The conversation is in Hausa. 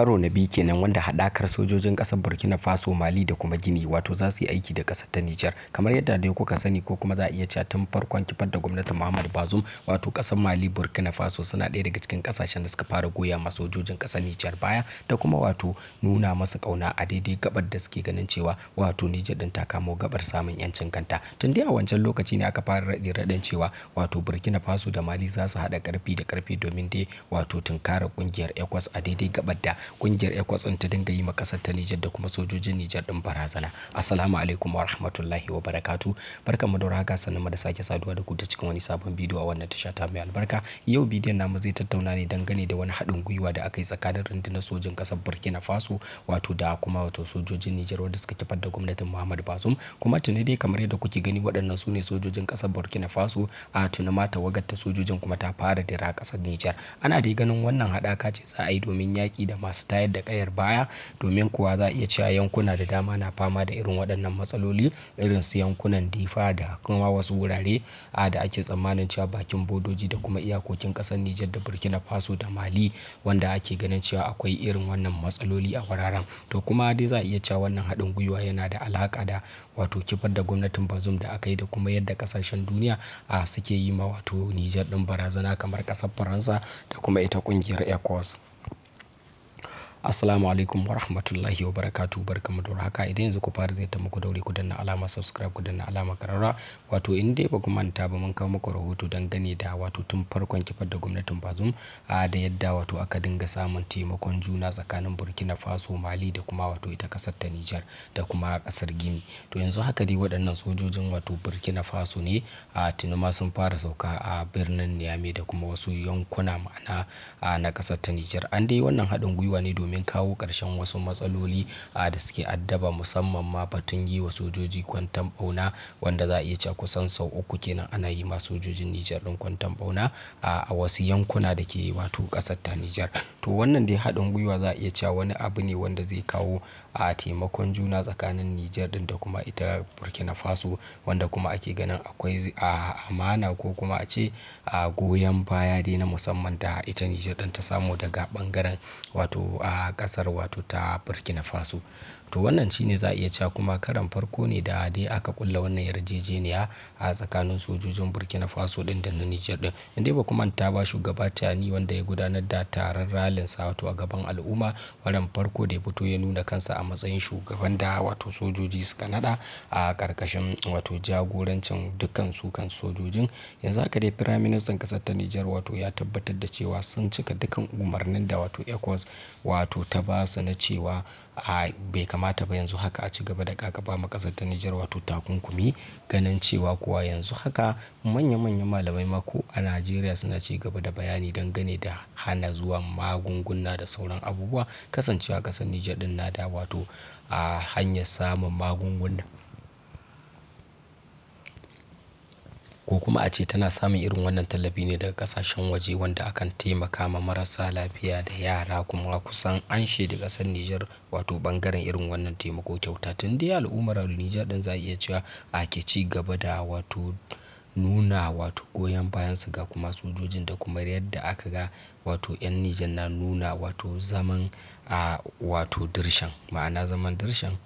karo na biyu kenan wanda hadakar sojojin ƙasar burkina faso mali da kuma gini wato za su yi aiki da ƙasar ta nijar kamar yadda dai kuka sani ko kuma za a iya cewa tun farkon kifar da gwamnatin muhammad bazum wato ƙasar mali burkina faso suna ɗaya daga cikin ƙasashen da suka fara goya ma sojojin ƙasar nijar baya da kuma wato nuna masa ƙauna a daidai gabar da suke ganin cewa wato nijar din ta kamo gabar samun yancin kanta tun dai a wancan lokaci ne aka fara raɗe raɗin cewa wato burkina faso da mali za su haɗa ƙarfi da ƙarfi domin dai wato tunkara ƙungiyar ecos a daidai gabar da kungiyar ECOWAS ta dinga yi ma kasar ta Nijar da kuma sojojin Nijar din barazana. Assalamu alaikum wa rahmatullahi wa barakatu. mu da raga sannan da sake saduwa da ku ta cikin wani sabon bidiyo a wannan tasha ta mai albarka. Yau bidiyon namu zai tattauna ne dangane da wani haɗin gwiwa da aka yi tsakanin rundunar sojin kasar Burkina Faso wato da kuma wato sojojin Nijar wanda suka kifar da gwamnatin Muhammadu basum kuma tuni dai kamar yadda kuke gani waɗannan su ne sojojin kasar Burkina Faso a tuni ma tawagar ta sojojin kuma ta fara dira kasar Nijar. Ana dai ganin wannan haɗaka ce za a yi domin yaƙi da masu tayar da kayar baya domin kuwa za a iya cewa yankuna da dama na fama da irin waɗannan matsaloli irin su yankunan difa da kuma wasu wurare a da ake tsammanin cewa bakin bodoji da kuma iyakokin ƙasar Nijar da Burkina Faso da Mali wanda ake ganin cewa akwai irin wannan matsaloli a wuraren to kuma dai za a iya cewa wannan haɗin gwiwa yana da alaƙa da wato kifar da gwamnatin bazum da aka yi da kuma yadda ƙasashen duniya a suke yi ma wato Nijar din barazana kamar ƙasar Faransa da kuma ita ƙungiyar ECOWAS. assalamu alaikum wa rahmatullahi wa barakatu barkamu da haka idan yanzu ku fara zai ta muku dauri ku danna alama subscribe ku danna alama karara wato in dai ba ku manta ba mun kawo muku rahoto don gane da wato tun farkon kifar da gwamnatin bazum a da yadda wato aka dinga samun taimakon juna tsakanin burkina faso mali da kuma wato ita kasar ta nijar da kuma kasar gini to yanzu haka dai waɗannan sojojin wato burkina faso ne a ma sun fara sauka a birnin niamey da kuma wasu yankuna ma'ana na kasar ta nijar an dai wannan haɗin gwiwa ne domin domin kawo ƙarshen wasu matsaloli a ah, da suke addaba musamman ma batun yi wa sojoji kwantan bauna wanda za a iya cewa kusan sau uku kenan ana yi ma sojojin Nijar din kwantan bauna ah, a wasu yankuna da ke wato ƙasar ta Nijar. To wannan dai haɗin gwiwa za a iya cewa wani abu ne wanda zai kawo a ah, taimakon juna tsakanin Nijar ɗin da kuma ita Burkina Faso wanda kuma ake ganin akwai a amana ko kuma a ce a goyon baya dai na musamman da ita Nijar din ta samu daga ɓangaren wato a a kasar wato ta burkina faso to wannan shine za a iya cewa kuma karan farko ne da dai aka kulla wannan yarjejeniya a tsakanin sojojin burkina faso din da na niger din inda ba kuma ta ba shugaba tani wanda ya gudanar da taron ralin sa wato a gaban al'umma wannan farko da ya fito ya nuna kansa a matsayin shugaban da wato sojoji suka nada a karkashin wato jagorancin dukkan su kan sojojin yanzu haka dai firaministan kasar ta niger wato ya tabbatar da cewa sun cika dukkan umarnin da wato ecos wato wato ta ba su na cewa a bai kamata ba yanzu haka a ci gaba da kakaba ma kasar ta Nijar wato takunkumi ganin cewa kuwa yanzu haka manya-manyan malamai mako a Najeriya suna ci gaba da bayani don gane da hana zuwa magunguna da sauran abubuwa kasancewa kasar Nijar din na da wato a hanyar samun magunguna ko kuma a ce tana samun irin wannan tallafi ne daga kasashen waje wanda akan taimaka ma marasa lafiya da yara kuma kusan an da ƙasar Nijar wato bangaren irin wannan taimako kyauta tun dai al'ummar Nijar din za a iya cewa ke ci gaba da wato nuna wato goyon bayan su ga kuma sojojin da kuma yadda aka ga wato 'yan Nijar na nuna wato zaman a wato dirshan ma'ana zaman dirshan